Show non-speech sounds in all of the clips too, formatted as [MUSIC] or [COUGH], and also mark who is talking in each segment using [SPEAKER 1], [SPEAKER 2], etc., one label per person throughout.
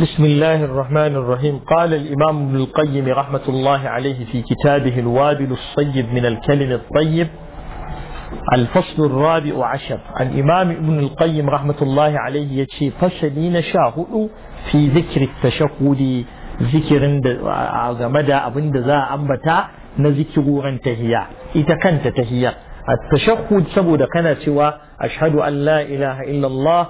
[SPEAKER 1] بسم الله الرحمن الرحيم قال الإمام ابن القيم رحمة الله عليه في كتابه الوابل الصيب من الكلم الطيب الفصل الرابع عشر عن إمام ابن القيم رحمة الله عليه يتشي فشلين شاهد في ذكر التشهد ذكر مدى أبن ذا أنبتا نذكر عن تهيا إذا كانت تهيا التشهد سبود كانت سوى أشهد أن لا إله إلا الله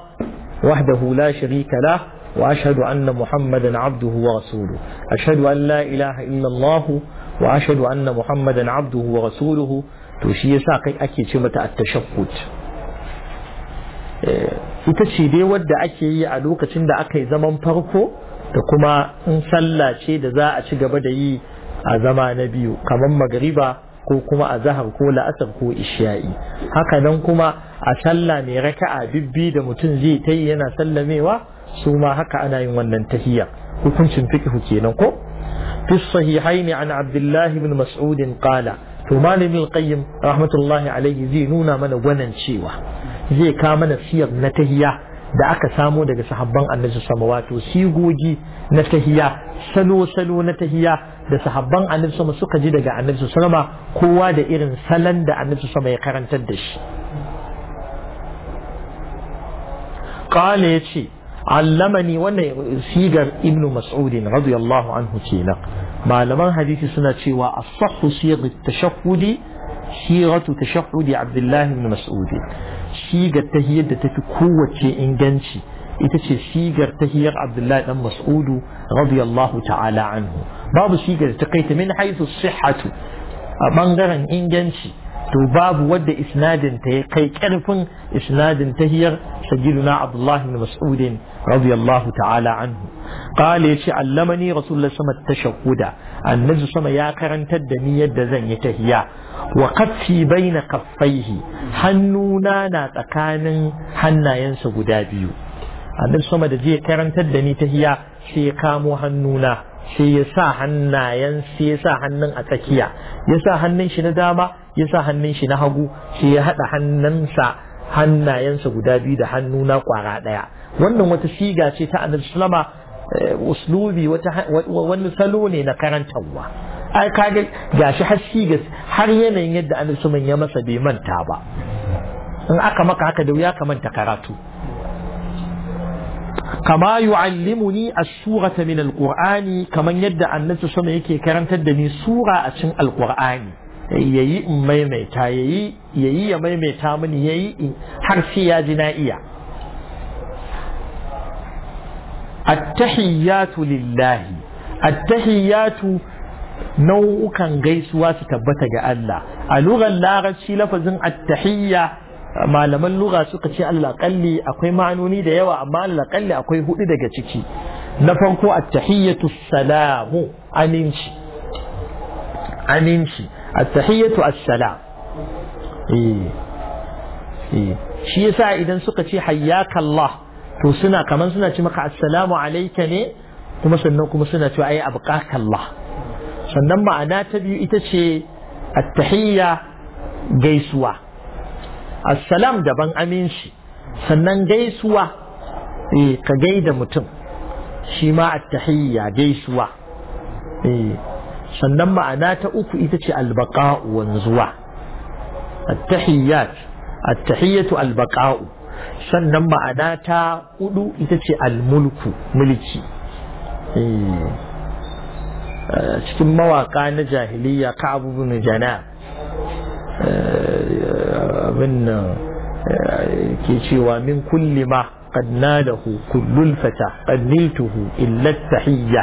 [SPEAKER 1] وحده لا شريك له وأشهد أن محمدا عبده ورسوله أشهد أن لا إله إلا الله وأشهد أن محمدا عبده ورسوله توشي ساقي أكي شمة التشهد ita ce dai wadda ake yi a lokacin da aka yi zaman farko da kuma in sallah ce da za a ci gaba da yi a zama na biyu kamar magariba ko kuma a zahar ko la'asar ko isha'i haka nan kuma a sallah mai raka'a bibbi da mutum zai ta yi yana sallamewa su ma haka ana yin wannan tahiyya hukuncin fiqh kenan ko fi sahihaini an abdullahi ibn mas'ud qala to malamin al-qayyim rahmatullahi alaihi zai nuna mana wannan cewa zai ka mana siyar na tahiyya da aka samo daga sahabban annabi sama wato sigogi na tahiya salo salo na tahiya da sahabban annabi sama suka ji daga annabi sama kowa da irin salon da annabi sama ya karantar da shi ya ce. allamani wannan sigar ibnu mas'udin radiyallahu anhu kenan malaman hadisi suna cewa as-sahhu sigar tashahhudi siratu tashahhudi abdullahi ibn mas'ud sigar tahiyyar da tafi kowace inganci ita ce sigar tahiyyar abdullahi dan mas'ud radiyallahu ta'ala anhu babu sigar da ta kaita min haythu sihhatu a bangaren inganci to babu wadda isnadin ta ya kai karfin isnadin ta hiyar sayyiduna abdullahi bin mas'udin radiyallahu ta'ala anhu qala yace allamani rasulullah sama tashahhuda annabi sama ya karantar da ni yadda zan yi tahiya wa qaffi baina kaffaihi hannuna na tsakanin hannayensa guda biyu annabi sama da zai karantar da ni hiya, sai ya kamo hannuna sai ya sa hannayen sai ya sa hannun a tsakiya ya sa hannun shi na dama ya sa hannun shi na hagu sai ya haɗa hannunsa hannayensa guda biyu da hannu na kwara ɗaya wannan wata siga ce ta annabi sallama eh, uslubi wata wani salo ne na karantarwa ai kage gashi har siga har yanayin yadda annabi ya masa bai manta ba in aka maka haka da wuya ka manta karatu kama yu'allimuni as-surata min al-qur'ani kaman yadda annabi sama yake karantar da ni sura a cikin al-qur'ani yayi in maimaita yayi yayi ya maimaita mini yayi har sai ya ji na iya
[SPEAKER 2] attahiyatu
[SPEAKER 1] lillahi attahiyatu nau'ukan gaisuwa su tabbata ga Allah a lugar larabci lafazin attahiyya malaman lura suka ce alaƙalli akwai ma'anoni da yawa amma alaƙalli akwai hudu daga ciki na farko a tahiyyatu salamu aminci aminci a tahiyyatu assalam eh, eh. shi yasa idan suka ce hayyaka to suna kaman suna ce maka assalamu alaika ne kuma sannan kuma suna cewa ai abqaka sannan ma'ana ta biyu ita ce at-tahiyya gaisuwa assalam daban aminci sannan gaisuwa eh ka gaida mutum shi ma attahiyya gaisuwa eh sannan ma'ana ta uku ita ce albaqa'u wanzuwa attahiyyat attahiyatu albaqa'u sannan ma'ana ta hudu ita ce almulku mulki eh, eh, cikin mawaka na jahiliya ka abubu jana'a. من كيشيوا من كل ما قد ناله كل الفتى قد نلته إلا التحية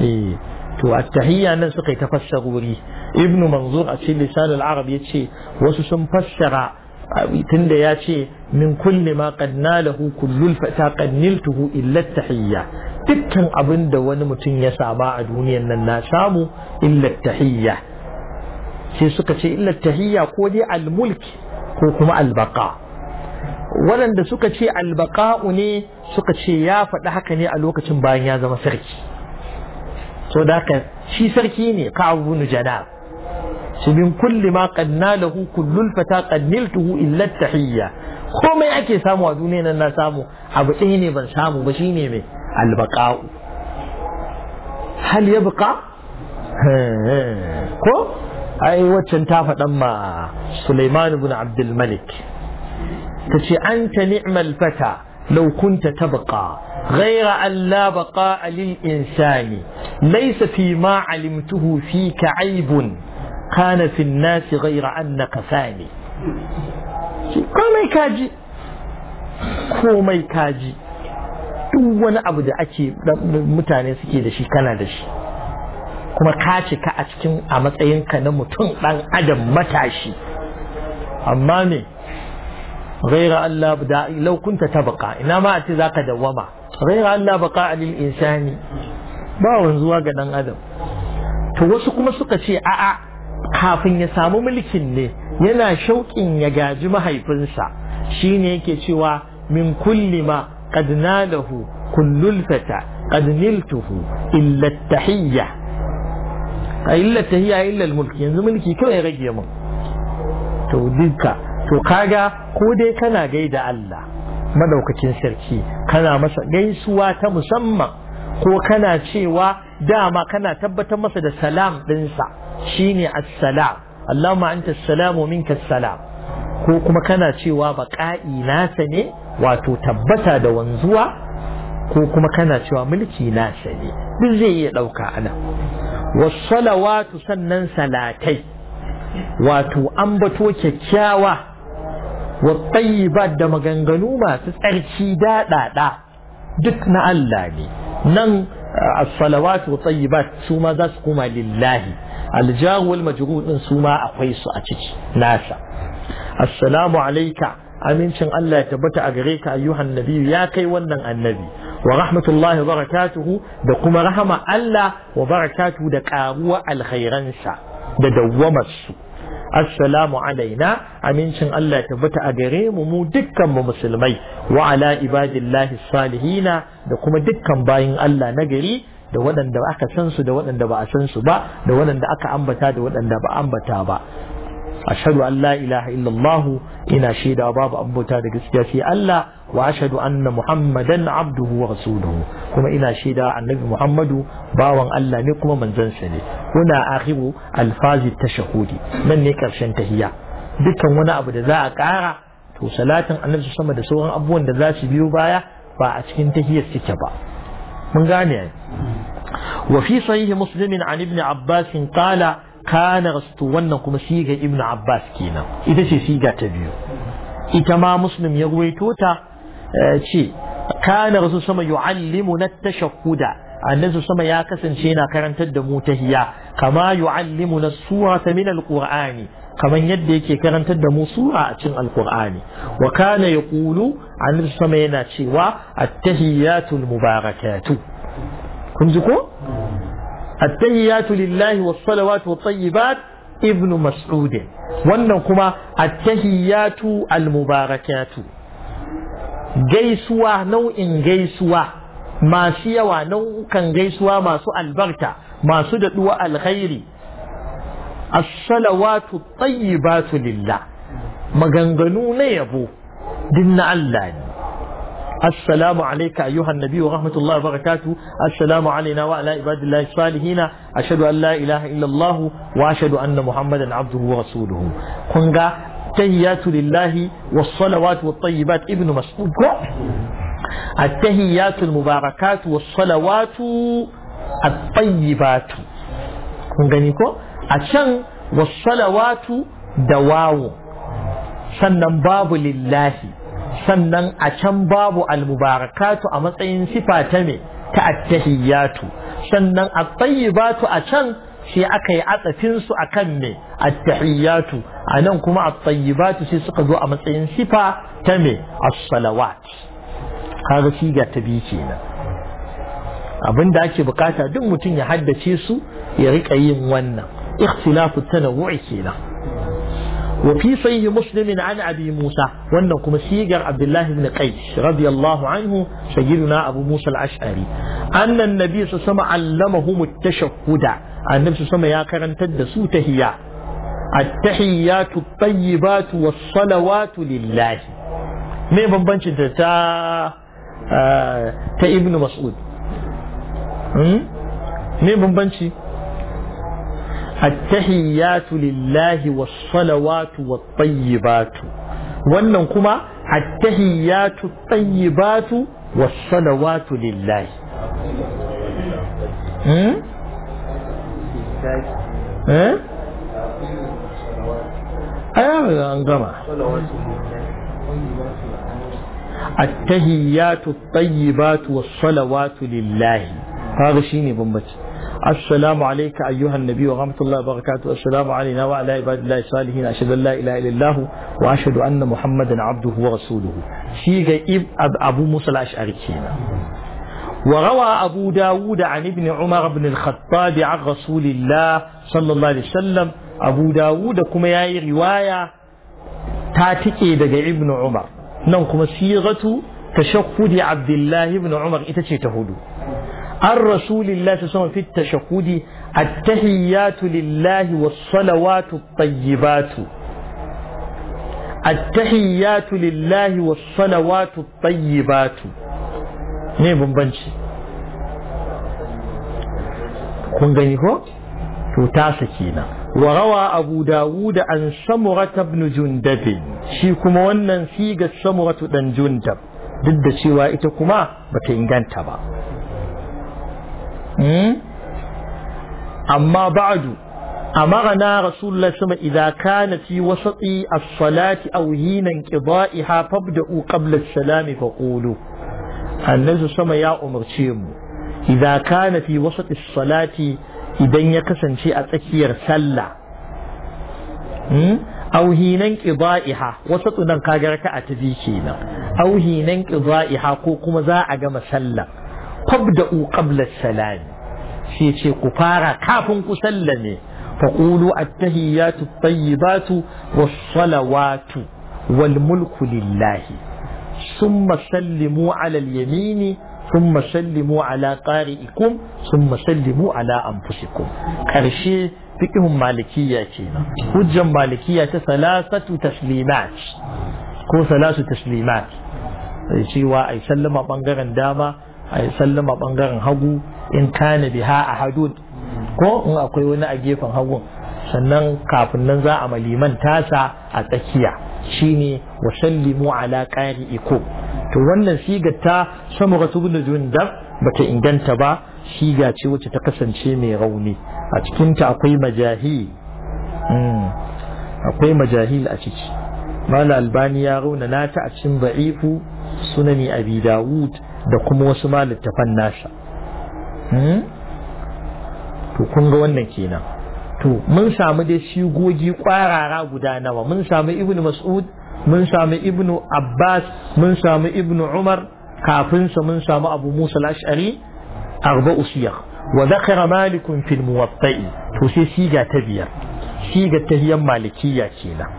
[SPEAKER 1] إيه تو التحية أن سقي تفسروري ابن منظور أتشي لسان العرب يتشي وسسن فشغا تند من كل ما قد ناله كل الفتى قد نلته إلا التحية تكن أبن دوان متن يسامع دوني أن الناس إلا التحية sai suka ce illa tahiyya ko dai al ko kuma Albaqa. waɗanda suka ce Albaqa'u ne suka ce ya faɗi haka ne a lokacin bayan ya zama sarki so da haka shi sarki ne ka'abu ibn janab Su min kulli ma qadna lahu kullul fata qadniltuhu illa tahiyya komai ake samu a duniya nan na samu abu ɗaya ne ban samu ba shine mai Albaqa'u. baqau hal yabqa [LAUGHS] ko ai waccan ta faɗan ma Sulaiman ibn Abdul Malik tace anta ni'mal fata law kunta tabqa ghayra an la غير أن لا بقاء للإنسان ليس فيما علمته فيك kana fi an-nas ghayra annaka fani komai kaji komai kaji duk wani abu da ake mutane suke da shi kana da shi kuma ka cika a cikin a matsayinka na mutum ɗan adam matashi amma me ghaira Allah da laukunta ta ina ma a ce zaka dawwama ghaira Allah baqa lil insani ba wanzuwa ga dan adam to wasu kuma suka ce a'a kafin ya samu mulkin ne yana shauƙin ya gaji mahaifinsa shine yake cewa min kulli ma qad nalahu kullul fata qad niltuhu illa tahiyya a illar tahiya illar mulki yanzu mulki kawai ya rage mun to duka to kaga ko dai kana gaida Allah madaukakin sarki kana masa gaisuwa ta musamman ko kana cewa dama kana tabbatar masa da salam dinsa shine assalam Allahumma anta assalamu minka assalam ko kuma kana cewa baƙa'i nasa ne wato tabbata da wanzuwa ko kuma kana cewa mulki nasa ne duk zai iya ɗauka anan wasalawatu sannan salatai wato ambato kyakkyawa wa tayyibat da maganganu masu tsarki daɗaɗa duk na Allah ne nan a salawatu wa tayyibat su ma za su lillahi aljahu wal majrur su ma akwai su a ciki nasa assalamu alaika. amincin Allah ya tabbata a gare ka ayyuhan nabi ya kai wannan annabi wa rahmatullahi wa barakatuhu da kuma rahama Allah wa barakatuhu da karuwa sa da dawwamar su assalamu alaina amincin Allah ya tabbata a gare mu mu dukkan mu musulmai wa ala ibadillahi salihina da kuma dukkan bayin Allah na gari da waɗanda aka san su da waɗanda ba a san su ba da waɗanda aka ambata da waɗanda ba ambata ba ashadu an la ilaha illallah ina shaida babu abuta da gaskiya sai Allah wa ashadu anna muhammadan abduhu wa rasuluhu kuma ina shaida annabi muhammadu bawan Allah ne kuma manzon sa ne kuna akhiru alfazi tashahudi nan ne karshen tahiyya dukkan wani abu da za a kara to salatin annabi sama da sauran abubuwan da za su biyo baya ba a cikin tahiyyar suke ba mun gane وفي صحيح مسلم عن ابن Abbas قال kana rastu wannan kuma siga ibnu abbas kenan ita ce siga ta biyu ita ma muslim ya ruwaito ta eh, ce kana rasu sama yu'allimu na tashakkuda annabi sama ya kasance yana karantar da mu tahiya kama yu'allimu na surata min alqur'ani kaman yadda yake karantar da mu sura a cikin alqur'ani wa kana yaqulu annabi sama yana cewa at-tahiyyatul mubarakatu kun ji ko التحيات لله والصلوات والطيبات ابن مسعود wannan kuma attahiyatu almubarakatu gaisuwa nau'in gaisuwa masu yawa nau'ukan gaisuwa masu albarka masu daɗuwa alkhairi as-salawatu tayyibatu lillah maganganu na yabo din na Allah ne assalamu alayka ayyuha an-nabi wa rahmatullahi wa barakatuh assalamu alayna wa ala ibadillahi salihin ashhadu an la ilaha illa Allah wa ashhadu anna muhammadan abduhu wa rasuluhu kun ga tahiyatu lillahi was salawatu tayyibat التهيات المباركات والصلوات الطيبات kun gani ko da sannan babu lillahi sannan a can babu almubarakatu a matsayin sifa ta me ta attahiyatu sannan at-tayyibatu a can sai aka yi atsafin su akan me attahiyatu anan kuma at-tayyibatu sai suka zo a matsayin sifa ta me as-salawat kaga ga ta biyu kenan abinda ake bukata duk mutum ya haddace su ya rika yin wannan ikhtilafu tanawu'i kenan وفي صحيح مسلم عن أبي موسى وأنكم سيجر عبد الله بن قيس رضي الله عنه سيدنا أبو موسى الأشعري أن النبي صلى الله عليه وسلم علمهم التشهد النبي صلى الله عليه وسلم يا كرن تدسو تهيا التحيات الطيبات والصلوات لله ما بنبنش تا تا ابن مسعود ما بنبنش attahiyatu lillahi was-salawatu wat-tayyibatu wannan kuma attahiyatu at-tayyibatu was-salawatu lillahi hmm eh ayyawa an gama attahiyatu at-tayyibatu was-salawatu lillahi kaga shine bambanci assalamu alayka ayyuhan nabi wa rahmatullahi wa barakatuh assalamu alayna wa ala ibadillahi salihin ashhadu an la ilaha wa ashhadu anna muhammadan abduhu wa rasuluhu shi ga abu musa al-ash'ari kenan وروى أبو داود عن ابن عمر بن الخطاب عن رسول الله صلى الله عليه وسلم أبو داود كما يأي رواية تاتكي دقى ابن عمر نوكما سيغة تشقد عبد الله بن عمر إتشي تهدو an rasulillahi sallallahu alaihi fit tashahudi at-tahiyyatu lillahi was-salawatu at-tayyibatu at-tahiyyatu lillahi was-salawatu at-tayyibatu ne bambanci kun gani ko to tasa kenan وروى أبو داود عن سمرة بن جندب شي كما ونن سيغة سمرة بن جندب ضد شيوا إتكما inganta ba. Hmm? amma ba'du amma gana rasulullah sama idza kana fi wasati as-salati aw hina inqida'iha fabda'u qabla salami fa qulu annasu sama ya umarce mu idza kana fi wasati as idan ya kasance a tsakiyar sallah hmm aw hina inqida'iha wasatu nan kaga raka'a ta kenan aw hina inqida'iha ko kuma za a gama sallah fabda'u qabla salam sai ce ku fara kafin ku sallame faqulu at-tahiyyatu at-tayyibatu was-salawatu wal-mulku lillahi thumma sallimu 'ala al-yamini ثم سلموا على قارئكم ثم سلموا على أنفسكم كرشي فقهم مالكية كينا حجة مالكية ثلاثة تسليمات كو ثلاثة تسليمات cewa ai sallama bangaren dama a yi sallama bangaren hagu in kana biha a hadud ko in akwai wani a gefen hagu? sannan kafin nan za a maliman tasa a tsakiya shine wa sallimu ala iko. to wannan sigar ta samura ibn da bata inganta ba siga ce wacce ta kasance mai rauni a cikin akwai majahil hmm. akwai majahil a ciki mala albani ya rauna nata a cikin ba'ifu sunani abi dawud da kuma wasu ma littafan nasa hmm? to kun ga wannan kenan to mun samu dai sigogi kwarara guda nawa mun samu ibnu mas'ud mun samu ibnu abbas mun samu ibnu umar kafin sa mun samu abu musa al-ash'ari arba'u wa zakara malik fi al to sai siga ta biyar siga ta hiyan malikiyya kenan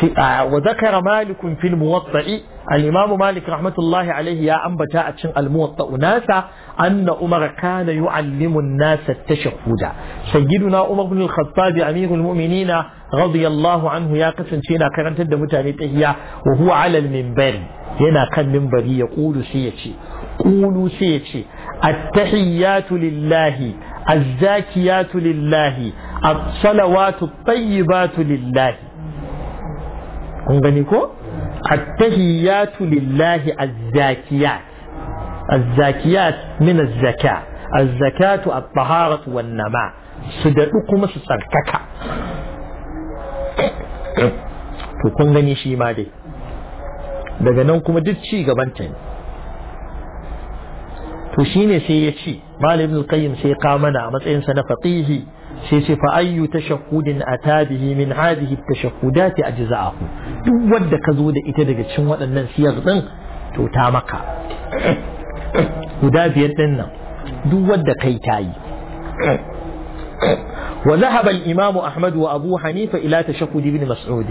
[SPEAKER 1] في آه، وذكر مالك في الموطأ الإمام مالك رحمة الله عليه يا أم بتاء الموطأ ناسا أن أمر كان يعلم الناس التشهد سيدنا أمر بن الخطاب أمير المؤمنين رضي الله عنه يا قسم شينا كرنت تد هي وهو على المنبر هنا كان منبري يقول سيتي قولوا سيتي التحيات لله الزاكيات لله الصلوات الطيبات لله kun gani ko attahiyatu lillahi azzakiyat azzakiyat min azzaka azzakatu at-taharatu wan nama su daɗu kuma su tsarkaka to kun gani shi ma dai daga nan kuma duk ci gaban ta ne to shine sai ya ci malam ibn qayyim sai ya kawo mana a matsayin sa na faqihi sai sai fa ayyu tashahhudin atabihi min hadhihi at-tashahhudati ajza'ahu duk wanda ka zo da ita daga cikin waɗannan siyar ɗin, to ta maka guda biyar din nan duk kai tayi wa dhahaba al-imam ahmad wa abu hanifa ila tashahhud ibn mas'ud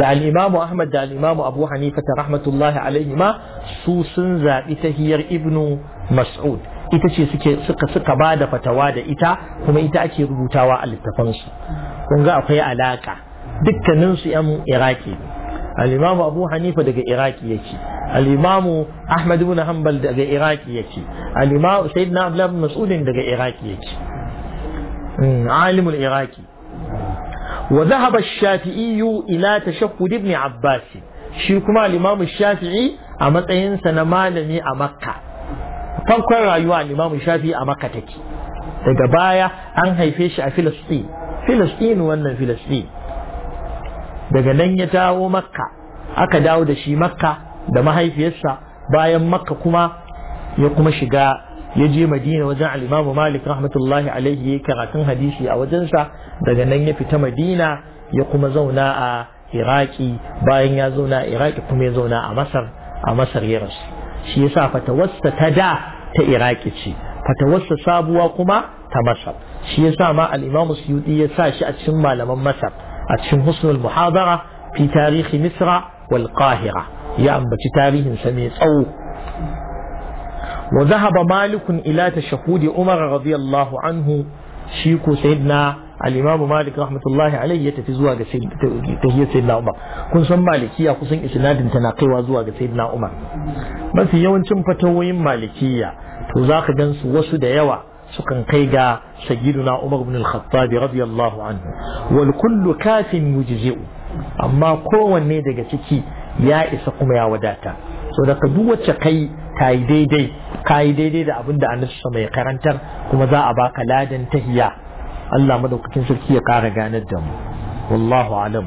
[SPEAKER 1] da al-imam ahmad da al abu hanifa rahmatullahi alayhi ma su sun zabi tahiyar Ibnu mas'ud ita ce suke suka suka ba da fatawa da ita kuma ita ake rubutawa a littafansu kun ga akwai alaka dukkaninsu yan iraki al-imamu abu hanifa daga iraki yake al-imamu ahmad ibn hanbal daga iraki yake al-imamu sayyidina abdullah mas'ud daga iraki yake hmm, alimul iraki wa dhahaba ash-shafi'i ila tashaqqud ibn abbas shi kuma al ash-shafi'i a matsayinsa na malami a makka farkon rayuwa limamin shafi a makka take daga baya an haife shi a filistin filistin wannan filistin daga nan ya dawo makka aka dawo da shi makka da mahaifiyarsa bayan makka kuma ya kuma shiga ya je madina wajen alimamu malik rahmatullahi alaihi ya karatun hadisi a wajensa daga nan ya fita madina ya kuma zauna a iraki bayan ya zauna a iraki kuma ya zauna a masar a masar ya rasu shi yasa fatawarsa ta da ta iraki ce fatawarsa sabuwa kuma ta masar shi sa ma al-imam suyuti ya sa shi a cikin malaman masar a cikin husnul muhadara fi tarihi misra wal qahira ya ambaci tarihin sa mai tsawo wa dhahaba malikun ila shahudi umar radiyallahu anhu shi ko sayyidina al-imamu malik rahmatullahi alaihi ya tafi zuwa ga sayyidina umar kun san malikiya kusan isnadin na kaiwa zuwa ga sayyidina umar mafi yawancin fatawoyin malikiya to zaka gan su wasu da yawa sukan kai ga sayyidina umar ibn al-khattab radiyallahu anhu wal kullu kafin yujzi'u amma kowanne daga ciki ya isa kuma ya wadata so da duk wacce kai tayi daidai ka daidai da abin da annabi sama ya karantar kuma za a baka ladan tahiya Allah madaukakin sarki ya kara ganar da mu wallahu alam